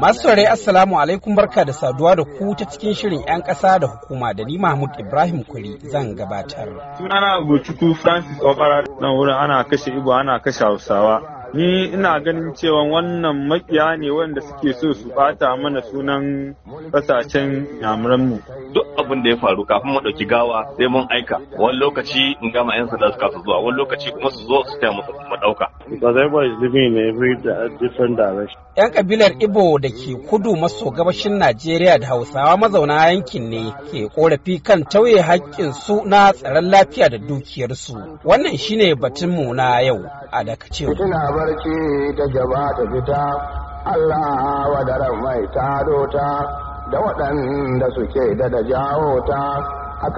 Masu saurari Assalamu alaikum barka da saduwa da ku ta cikin shirin 'yan ƙasa da hukuma da ni Mahmud Ibrahim Kuri zan gabatar. Sunana Gochuku Francis Obara nan wurin ana kashe Ibo ana kashe Hausawa. Ni ina ganin cewa wannan makiya ne wanda suke so su bata mana sunan kasashen yamuranmu. Duk abin da ya faru kafin mu ɗauki gawa sai mun aika. Wani lokaci in gama 'yan sanda suka su zuwa, wani lokaci kuma su zo su taya mu ɗauka. because everybody is living in every different direction. 'Yan kabilar Ibo da ke kudu maso gabashin Najeriya da Hausawa mazauna yankin ne ke korafi kan tauye su na tsaron lafiya da dukiyarsu. Wannan shine batunmu na yau a daga Fitina barci ta gaba ta fita, Allah wadaran mai ta ta da waɗanda suke da da jawo ta,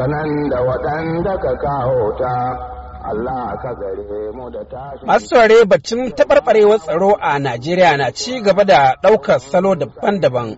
nan da waɗanda ka kawo ta. Masu ka gare mu da tashi. baccin taɓarɓarewar tsaro a Najeriya na ci gaba da ɗaukar salo daban-daban.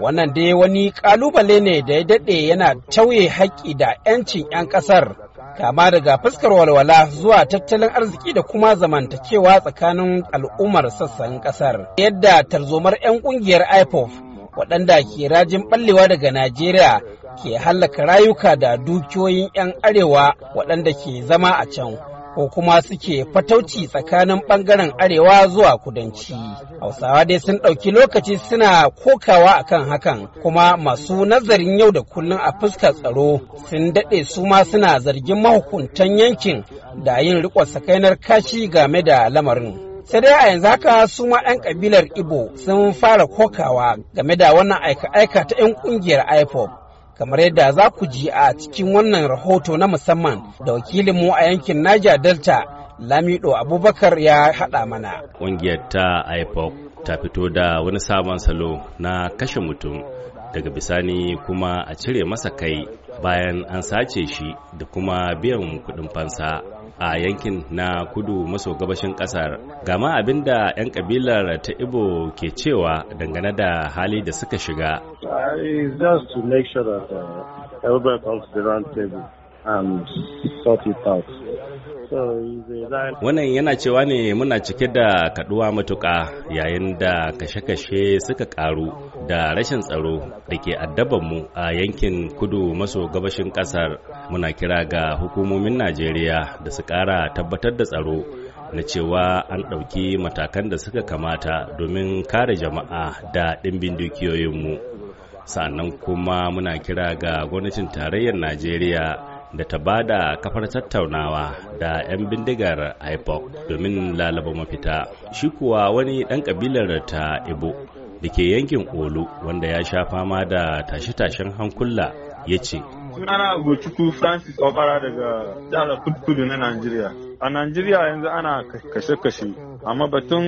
Wannan dai wani ƙalubale ne da ya daɗe yana tauye haƙƙi da 'yancin 'yan ƙasar, kama daga fuskar walwala zuwa tattalin arziki da kuma zamantakewa tsakanin al'ummar sassan ƙasar. Yadda tarzomar 'yan ƙungiyar IPOF waɗanda ke rajin ɓallewa daga Najeriya ke hallaka rayuka da dukiyoyin 'yan arewa waɗanda ke zama a can ko kuma suke fatauci tsakanin ɓangaren arewa zuwa kudanci hausawa dai sun ɗauki lokaci suna kokawa akan hakan kuma masu nazarin yau da kullum a fuskar tsaro sun daɗe su ma suna zargin mahukuntan yankin da yin riƙon sakainar kashi game da lamarin sai dai a yanzu haka su ma 'yan kabilar ibo sun fara kokawa game da wannan aika-aika ta 'yan ƙungiyar ipop kamar yadda za ku ji a cikin wannan rahoto na musamman da wakilinmu a yankin Niger Delta Lamido Abubakar ya haɗa mana. Ƙungiyar ta IPOC ta fito da wani sabon salo na kashe mutum daga bisani kuma a cire masa kai bayan an sace shi da kuma biyan kuɗin fansa. a yankin na kudu maso gabashin kasar gama abin da 'yan kabilar ta ibo ke cewa dangane da hali da suka shiga uh, Wannan yana cewa ne muna cike da kaduwa matuka yayin da kashe-kashe suka ƙaru da rashin tsaro da ke mu a yankin kudu maso gabashin kasar muna kira ga hukumomin najeriya da su kara tabbatar da tsaro na cewa an ɗauki matakan da suka kamata domin kare jama'a da ɗimbin dukiyoyinmu sannan kuma muna kira ga gwamnatin tarayyar najeriya da ta bada kafar tattaunawa da 'yan bindigar ipoc domin lalaba mafita shi kuwa wani ɗan ƙabilar ta ibo da ke yankin olu wanda ya sha fama da tashe-tashen hankula ya ce sunana gochuku francis obara daga jihar kudu na nigeria a nigeria yanzu ana kashe-kashe amma batun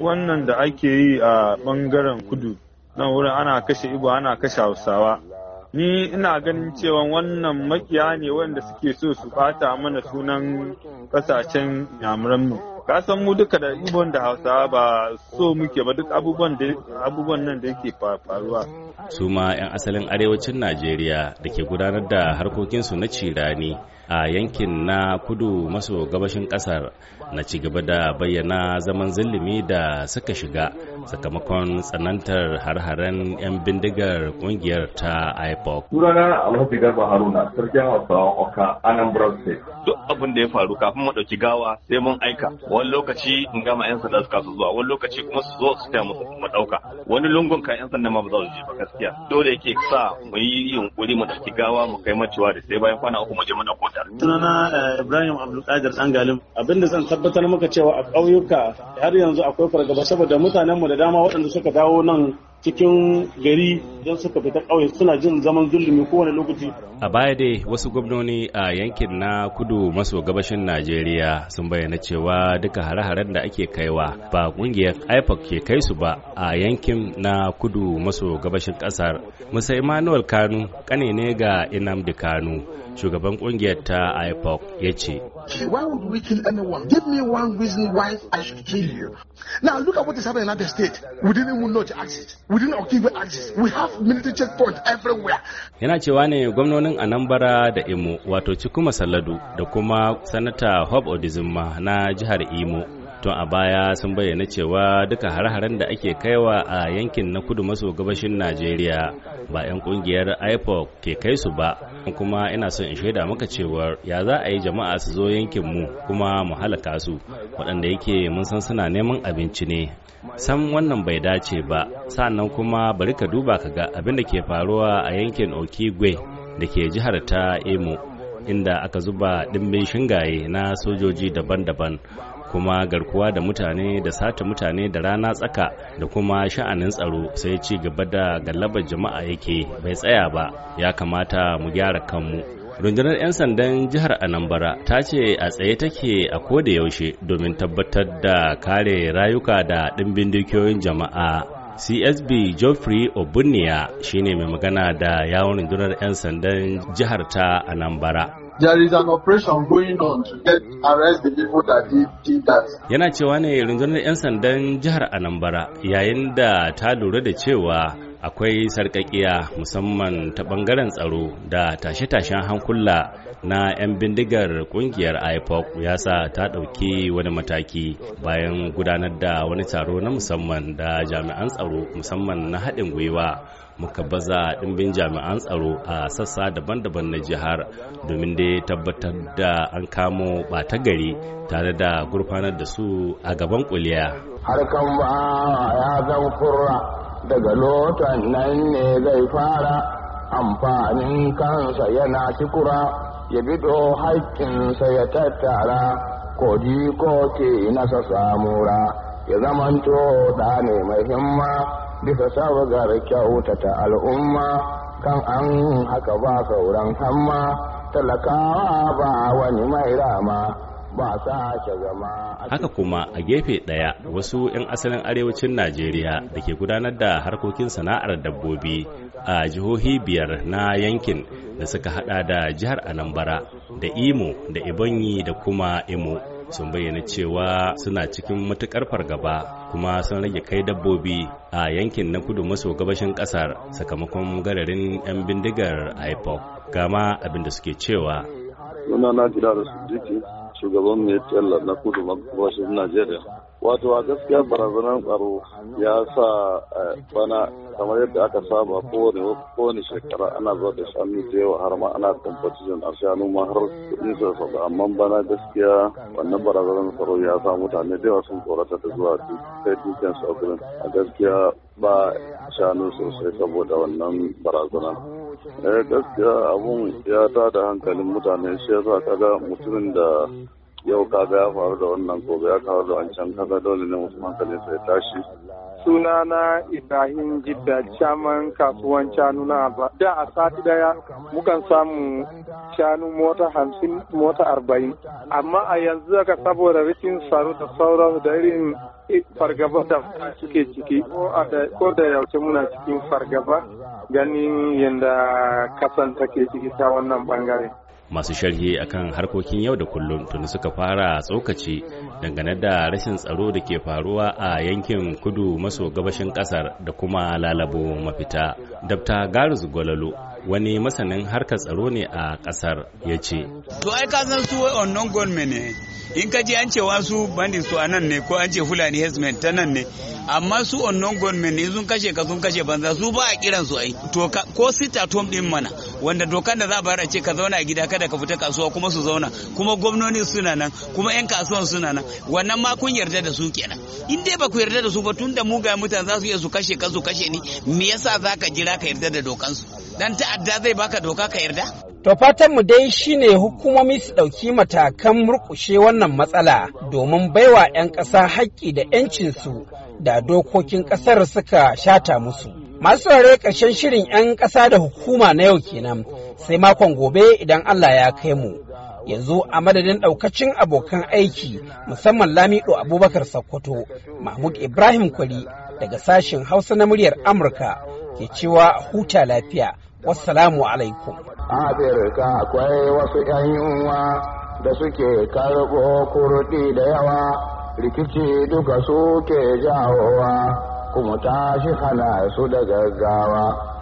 wannan da ake yi a bangaren kudu nan wurin ana kashe ibo ana kashe hausawa ni ina ganin cewa wannan makiya ne wanda suke so su bata mana sunan kasashen yamuranmu ka mu duka da ibon da hausa ba so muke ba duk abubuwan nan da yake faruwa su ma 'yan asalin arewacin najeriya da ke gudanar da harkokinsu na cirani a yankin na kudu maso gabashin kasar na cigaba da bayyana zaman zillimi da suka shiga sakamakon tsanantar har-haren 'yan bindigar kungiyar ta ipoc turana alhaji garba haruna sarkin Hausa, oka anambra state duk abin da ya faru kafin mu ɗauki gawa sai mun aika wani lokaci in gama yan sanda suka su zuwa wani lokaci kuma su zo su taya mu mu ɗauka wani lungun kan yan sanda ma ba za su je ba gaskiya dole yake sa mu yi yunkuri mu ɗauki gawa mu kai macewa da sai bayan kwana uku mu je mu ɗauko ta. sunana eh, ibrahim abdulkadir dan galim da zan tabbatar maka cewa a ƙauyuka har yanzu akwai fargaba saboda mutanenmu da dama waɗanda suka dawo nan cikin gari don suka fita ƙauye suna jin zaman zulumi kowane lokaci. A baya dai wasu gwamnoni a yankin na kudu maso gabashin Najeriya sun bayyana cewa duka hare-haren da ake kaiwa ba kungiyar IPOC ke kai su ba a yankin na kudu maso gabashin ƙasar. Musa Emmanuel Kanu kane ne ga Inamdi Kanu shugaban kungiyar ta IPOC ya ce Why would we kill anyone? Give me one reason why I should kill you. Now look at what is happening in other state. We didn't even know the access. We didn't occupy access. We have military checkpoints everywhere. Yana cewa ne gwamnonin Anambra da Imo wato Chikuma Salladu da kuma Sanata Hope Odizuma na jihar Imo tun a baya sun bayyana cewa duka har-haren da ake kaiwa a yankin na kudu maso gabashin najeriya ba 'yan kungiyar ipoc ke kai su ba kuma ina son in shaida maka cewar ya za a yi jama'a su zo yankin mu kuma mu halaka su waɗanda yake mun san suna neman abinci ne sam wannan bai dace ba sannan kuma bari ka duba ka ga abin da ke faruwa a yankin okigwe da ke jihar ta emo inda aka zuba dimbin shingaye na sojoji daban-daban kuma garkuwa da mutane da sata mutane da rana tsaka da kuma sha'anin tsaro sai ci gaba da gallabar jama'a yake bai tsaya ba ya kamata mu gyara kanmu rundunar 'yan sandan jihar anambra ta ce a tsaye take a ko da yaushe domin tabbatar da kare rayuka da ɗimbin dukiyoyin jama'a CSB Geoffrey Obunia shine mai magana da yawon rundunar 'yan sandan jihar ta Anambra. There is an operation going on to get arrest the people that did, that. Yana cewa ne rundunar 'yan sandan jihar Anambra yayin da ta lura da cewa akwai sarkakiya musamman ta bangaren tsaro da tashe-tashen hankula na 'yan bindigar kungiyar ipop ya sa ta ɗauki wani mataki bayan gudanar da wani taro na musamman da jami'an tsaro musamman na haɗin gwiwa muka baza ɗimbin jami'an tsaro a sassa daban-daban na jihar domin dai tabbatar da an kamo ɓata gari tare da gurfanar da su a gaban kuliya harkan ba ya zan kurra daga lotan nan ne zai fara amfanin kansa yana cikura ya bido haƙƙinsa ya tattara kodi ko ke nasa samura ya zamanto da ne mai himma bisa sabgar kyautata al'umma kan an haka ba sauran hamma talakawa ba wani mai rama Haka kuma a gefe ɗaya wasu 'yan asalin arewacin Najeriya da ke gudanar da harkokin sana'ar dabbobi a jihohi biyar na yankin da suka hada da jihar Anambra da Imo da Ebonyi da kuma Imo sun bayyana cewa suna cikin matukar fargaba kuma sun rage kai dabbobi a yankin na kudu maso gabashin kasar sakamakon gararin 'yan bindigar IPOC gama abin da suke cewa. shugaban mai na kudu mabashin najeriya wato a gaskiya barazanar tsaro ya sa eh, bana kamar yadda aka saba kowane kowane shekara ana zuwa da shanu da yawa har ma ana competition a shanu ma har kudin sassa amma bana gaskiya wannan barazanar tsaro ya sa mutane da yawa sun tsorata da zuwa sai dukansu a a gaskiya ba shanu sosai saboda wannan barazanar eh gaskiya abun ya tada hankalin mutane shi yasa kaga mutumin da yau kaga ya faru da wannan gobe ya faru da wancan kaga dole ne mutum hankalin sai tashi sunana ibrahim jidda caman kasuwan shanu na alba da a sati daya mukan samu shanu mota hamsin mota arba'in amma a yanzu haka saboda rikin tsaro da sauran da irin fargaba da suke ciki ko da yaushe muna cikin fargaba ganin yadda kasan take ciki ta wannan bangare. masu sharhi akan harkokin yau da kullum tuni suka fara tsokaci dangane da rashin tsaro da ke faruwa a yankin kudu maso gabashin kasar da kuma lalabo mafita dabta garis gwalalo wani masanin harkar tsaro ne a kasar ya ce to ai ka san su wannan gwamnati ne in ka je an ce wasu bandit su anan ne ko an ce fulani hesmen ta nan ne amma su wannan gwamnati ne sun kashe ka sun kashe banza su ba a kiran su ai to ko sita tom din mana wanda dokan da za a bayar a ce ka zauna a gida kada ka fita kasuwa kuma su zauna kuma gwamnoni suna nan kuma yan kasuwan suna nan wannan ma kun yarda da su kenan in dai ba ku yarda da su ba tun da mugayen mutane za su iya su kashe ka su kashe ni me yasa za ka jira ka yarda da dokansu? dan ta ta'adda zai baka doka ka yarda? To fatan mu dai shine hukumomi su ɗauki matakan murkushe wannan matsala domin baiwa 'yan ƙasa haƙƙi da 'yancinsu da dokokin ƙasar suka shata musu. Masu rare ƙarshen shirin 'yan ƙasa da hukuma na yau kenan sai makon gobe idan Allah ya kai mu. yanzu a madadin ɗaukacin abokan aiki musamman lamido abubakar Sokoto, mahmud ibrahim kwari daga sashen hausa na muryar amurka ke cewa huta lafiya wassalamu alaikum afirka akwai wasu 'yan yunwa da suke karɓo kurɗi da yawa rikici duka suke jawowa kuma tashi hana su da gaggawa